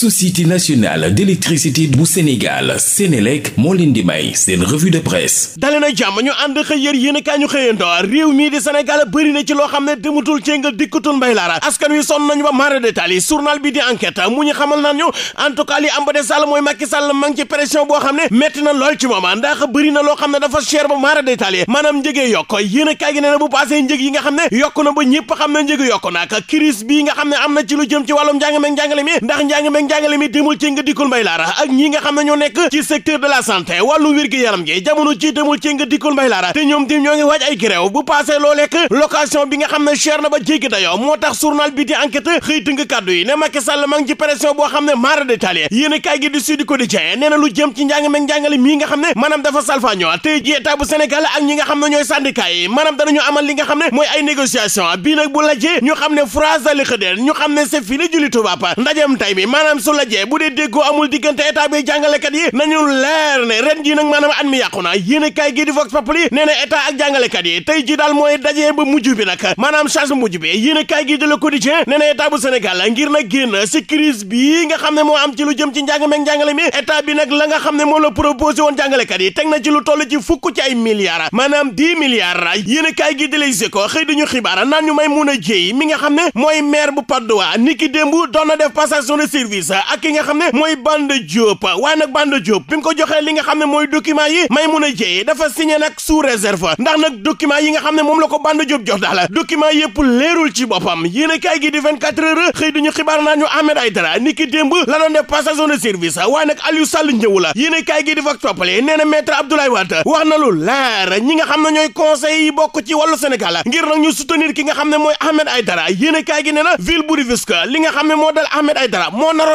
société nationale d'électricité bu Sénégal Sénélec moo leen di may seen revue de presse dali na jàmm ñu ànd xëy yër yéen kaa ñu xëyandoo réew mii di Sénégal bëri na ci loo xam ne demutul céngal dikkatul mbay laara askan wi sonn nañu ba mara détail yi bi di enquête mu ñu xamal naan ñu am ba de Sall mooy Macky Sall ma ci pression boo xam ne metti na lool ci moom ndax bëri loo xam ne dafa cher ba mara détail yi maanaam njëgee yokk yéen a na bu passé xam ne yokk na ba ñëpp xam ne njëg yokk naak crise bi nga xam ne na ci lu jëm ci wàllum njàng meeg njàngale njàngale mi demul ci nga dikkul mbay laara ak ñi nga xam ne ñoo nekk ci secteur de la santé wàllu wér-gi-yaram gi jamono ci demul ci nga dikkul mbay laara te ñoom di ñoo ngi waaj ay gréew bu passé loo lekk location bi nga xam ne cher na ba jéggi dayoo moo tax journal bi di enquête xëy tënk ne Macky Sall ma ngi ci boo xam ne mara détaillé yéen i kaay gi di Sud Quotidien jëm ci njàng meeg njàngale nga xam ne maanaam dafa su la jee bu dee déggoo amul diggante état bi jàngalekat yi nañu leer ne ren ji nag maanaam at mi yàqu na yéen a kaay gi di vox populi nee na état ak jàngalekat tey ji daal mooy dajee ba mujj bi nag maanaam charge mujj bi yéen a kaay gi di le quotidien nee na état bu ngir na génn si crise bii nga xam ne moo am ci lu jëm ci njàng meeg njàngale mi état bi nag la nga xam ne moom la proposé woon jàngalekat yi teg na ci lu toll ci fukk ci ay milliards maanaam dix milliards yéen kaay gi di Les Échos xëy dañu xibaar naan ñu may mun a mi nga xam ne mooy maire bu Patte d'Oie niki démb doon na def passation de service ak ki nga xam ne mooy Banda Diop waaye nag Banda Diop bi ko joxee li nga xam ne mooy document yi Maimouna Dièye dafa signé nag sous ndax nag document yi nga xam ne moom la ko Banda Diop jox daal document yëpp leerul ci boppam yéen a kaay gi di 24 heures xëy duñu xibaar naa ñu Ahmed Aïdara ni ki démb la doon def passation de service waaye nag Aliou Sall ñëw la yéen a kaay gi di fa toppale nee na maître Abdoulaye Wade wax na lu leer ñi nga xam ne ñooy conseil ki nga xam ne mooy Ahmed Aïdara yéen nga xam ne moo dal Ahmed Aïdara moo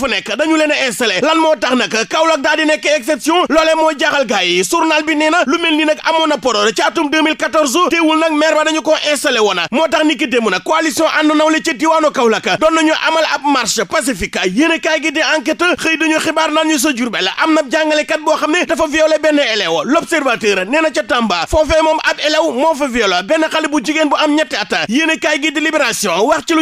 fa nekk dañu leen a installé lan moo tax nag Kaolack daa di nekk exception loolee moo jaaxal gars yi journal bi nee lu mel ni amoon na Podor ci atum 2014 teewul nag maire ba dañu ko installé woon moo tax ni ki démb nag coalition ànd nawle ci diwaanu amal ab marche pacifique yéen a kaay gi di enquête xëy dañu xibaar naan ñu sa Jurbel am na jàngalekat boo xam ne dafa violé benn élève l'observateur nee na ca Tamba foofee moom ab élève moo fa violé benn xale bu jigéen bu am ñetti at yéen a kaay gi di libération wax ci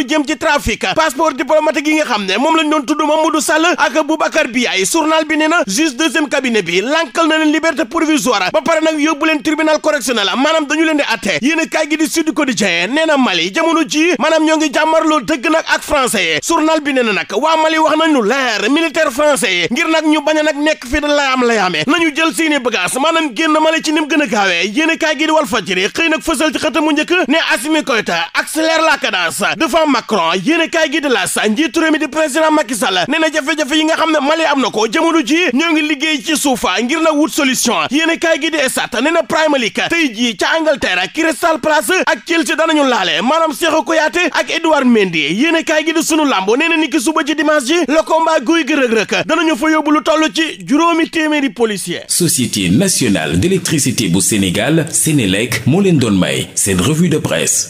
Mamadou Sall ak Boubacar Biaye journal bi nee na juge deuxième cabinet bi lankal na leen liberté provisoire ba nag yóbbu leen tribunal correctionnel maanaam dañu leen di atte yéen a kaay gi di Sud Quotidien Mali jamono ji maanaam ñoo ngi jàmmarloo dëgg nag ak français yi journal bi nee na nag waa Mali wax nañu leer militaire français yi ngir nag ñu bañ a nag nekk fi da layaam layaamee nañu jël seeni bagaas maanaam génn Mali ci ni mu gën a gaawee yéen a kaay gi nag fësal a nee na jafe-jafe yi nga xam ne Mali am na ko jamono ji ñoo ngi liggéey ci suufa ngir na wut solution yéen kaay gi di esat ne na Premier League tey jii ca Angleterre Crystal Palace ak Chelsea danañu laale maanaam Cheikhou Kouyaté ak Edouard Mendy yéen kaay gi di sunu lambo nee na ni ki suba ci dimanche ji le combat guy gi rëg-rëk danañu fa yóbbu lu toll ci juróomi téeméeri policier Société nationale d'électricité bu Sénégal Sénélec moo leen doon may seen revue de presse